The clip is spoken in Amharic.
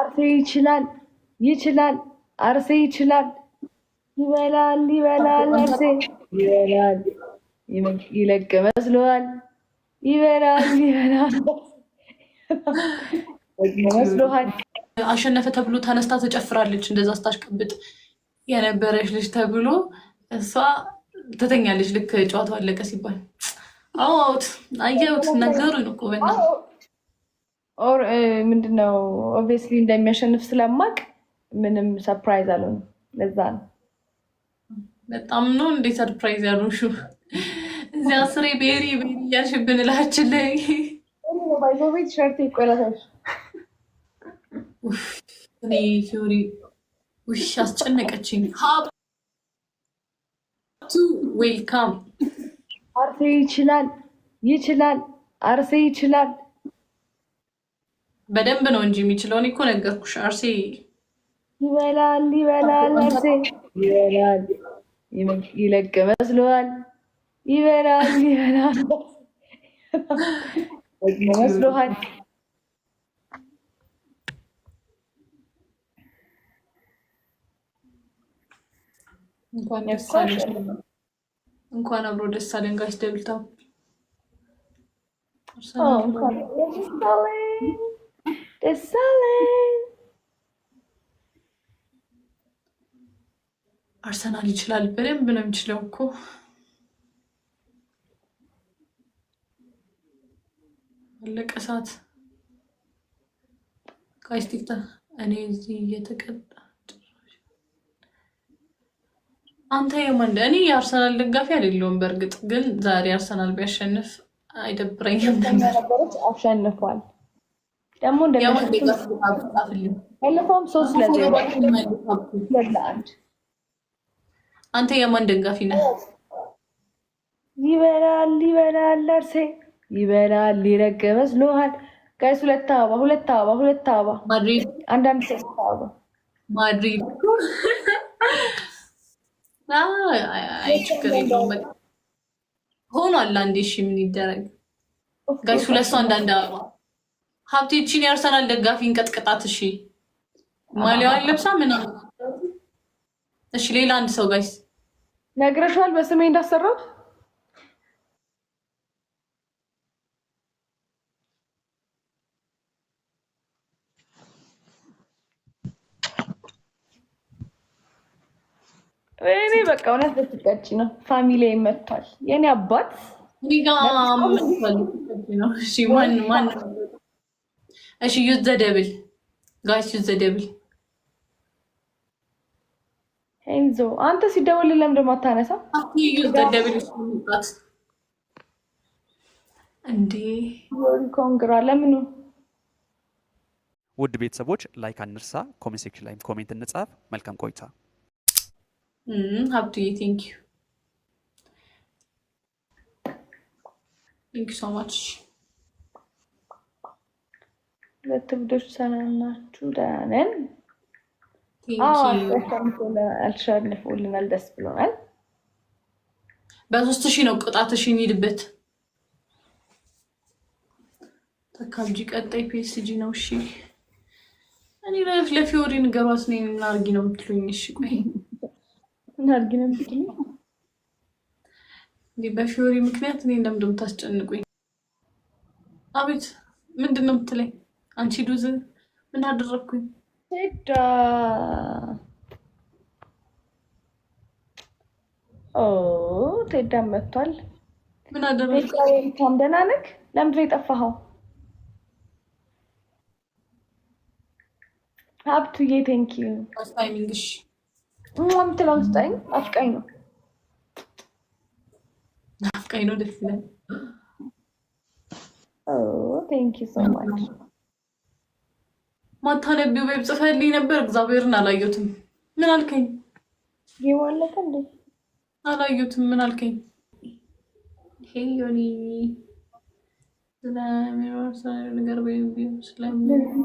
አርሴ ይችላል ይችላል አርሴ ይችላል ይበላል ይበላል አርሴ ይበላል ይለቅ መስለዋል ይበላል ይበላል መስለዋል አሸነፈ ተብሎ ተነስታ ትጨፍራለች። እንደዛ ስታሽቀብጥ የነበረች ልጅ ተብሎ እሷ ትተኛለች። ልክ ጨዋታው አለቀ ሲባል አዎት አየሁት ነገሩ ነው ኦር ምንድነው ኦብቪየስሊ እንደሚያሸንፍ ስለማቅ ምንም ሰርፕራይዝ አልሆንም። ለዛ ነው በጣም ነው እንዴ ሰርፕራይዝ ያሉሹ እዚያ ስሬ ቤሪ ቤሪ እያልሽብን እላችን ላይ ባይዞቤት ሸርት ይቆላታል። ሪ ውሽ አስጨነቀችኝ። ሀብቱ ዌልካም አርሴ ይችላል ይችላል አርሴ ይችላል በደንብ ነው እንጂ የሚችለውን እኮ ነገርኩሽ። አርሴ ይበላል ይበላል፣ አርሴ ይበላል፣ ይለቅ መስሎሃል። ይበላል ይበላል መስሎሃል። እንኳን አብሮ ደስ አለን ጋሽ ደብልታው ደሳለኝ አርሰናል ይችላል። በደንብ ነው የሚችለው እኮ አለቀ። ሰዓት ቃይስቲክታ እኔ እዚህ እየተቀጣ አንተ የማን እኔ የአርሰናል ደጋፊ አይደለሁም። በእርግጥ ግን ዛሬ አርሰናል ቢያሸንፍ አይደብረኝም። አሸንፏል ደግሞ እንደለፋም ሶስት ለአንድ አንተ የማን ደጋፊ ነህ? ይበላል ይበላል አርሴ ይበላል ሊረገበስ መስሎሃል? ጋይስ ሁለት አበባ ሁለት አበባ ሁለት አበባ ማድሪድ አንዳንድ ሶስት አበባ ማድሪድ አይ ችግር የለውም ሆኗል። አንዴ እሺ ምን ይደረግ ጋይስ ሁለት ሰው አንዳንድ አበባ ሀብቴችን ያርሰናል ደጋፊ እንቀጥቅጣት። እሺ ማሊያዋን ለብሳ ምናምን። እሺ ሌላ አንድ ሰው ጋይስ ነግረሻል በስሜ እንዳሰራት እኔ በቃ እውነት በትቀጭ ነው። ፋሚሊ ይመቷል። የኔ አባት ነው እሺ ዩዝ ዘ ደብል ጋሽ ዩዝ ዘ ደብል ኤንዞ አንተ ሲደወል ለምን ደግሞ አታነሳ? ዩዝ ዘ ደብል እንዴ ኮንግራ ለምኑ ውድ ቤተሰቦች ላይክ አንርሳ፣ ኮሜንት ሴክሽን ላይ ኮሜንት እንጻፍ። መልካም ቆይታ። ሀብቱዬ ቴንክ ዩ ቴንክ ዩ ሶ ማች ሁለት ሰላም ሰናናችሁ ደህና ነን። አልሻልፎልናል፣ ደስ ብሎናል። በሶስት ሺህ ነው ቅጣትሽ የሚሄድበት ተካብጂ። ቀጣይ ፒኤስጂ ነው። እሺ እኔ ለፊዮሪ ንገሯት ነው ምን አድርጊ ነው የምትሉኝ? እሺ ቆይ ምን አድርጊ ነው የምትሉኝ? በፊዮሪ ምክንያት እኔ ለምንድን ነው የምታስጨንቁኝ? አቤት ምንድን ነው የምትለኝ? አንቺ ዱዝ ምን አደረግኩኝ? ሄዳ ቴዳም መጥቷል። ምን አደረግኩኝ? ደህና ነህ? ለምንድን የጠፋኸው? ሀብቱዬ ቴንኪዩ ታይሚንግሽ ምትለው ስጠኝ። አፍቃኝ ነው አፍቃኝ ነው። ደስ ይላል። ቴንኪዩ ሶ ማች ማታነቢው ወይም ጽፈልኝ ነበር። እግዚአብሔርን አላየሁትም። ምን አልከኝ? ይዋለከ እንዴ አላየሁትም። ምን አልከኝ? ሄዮኒ ስለሚኖርሰነገር ስለሚስጠረቂያ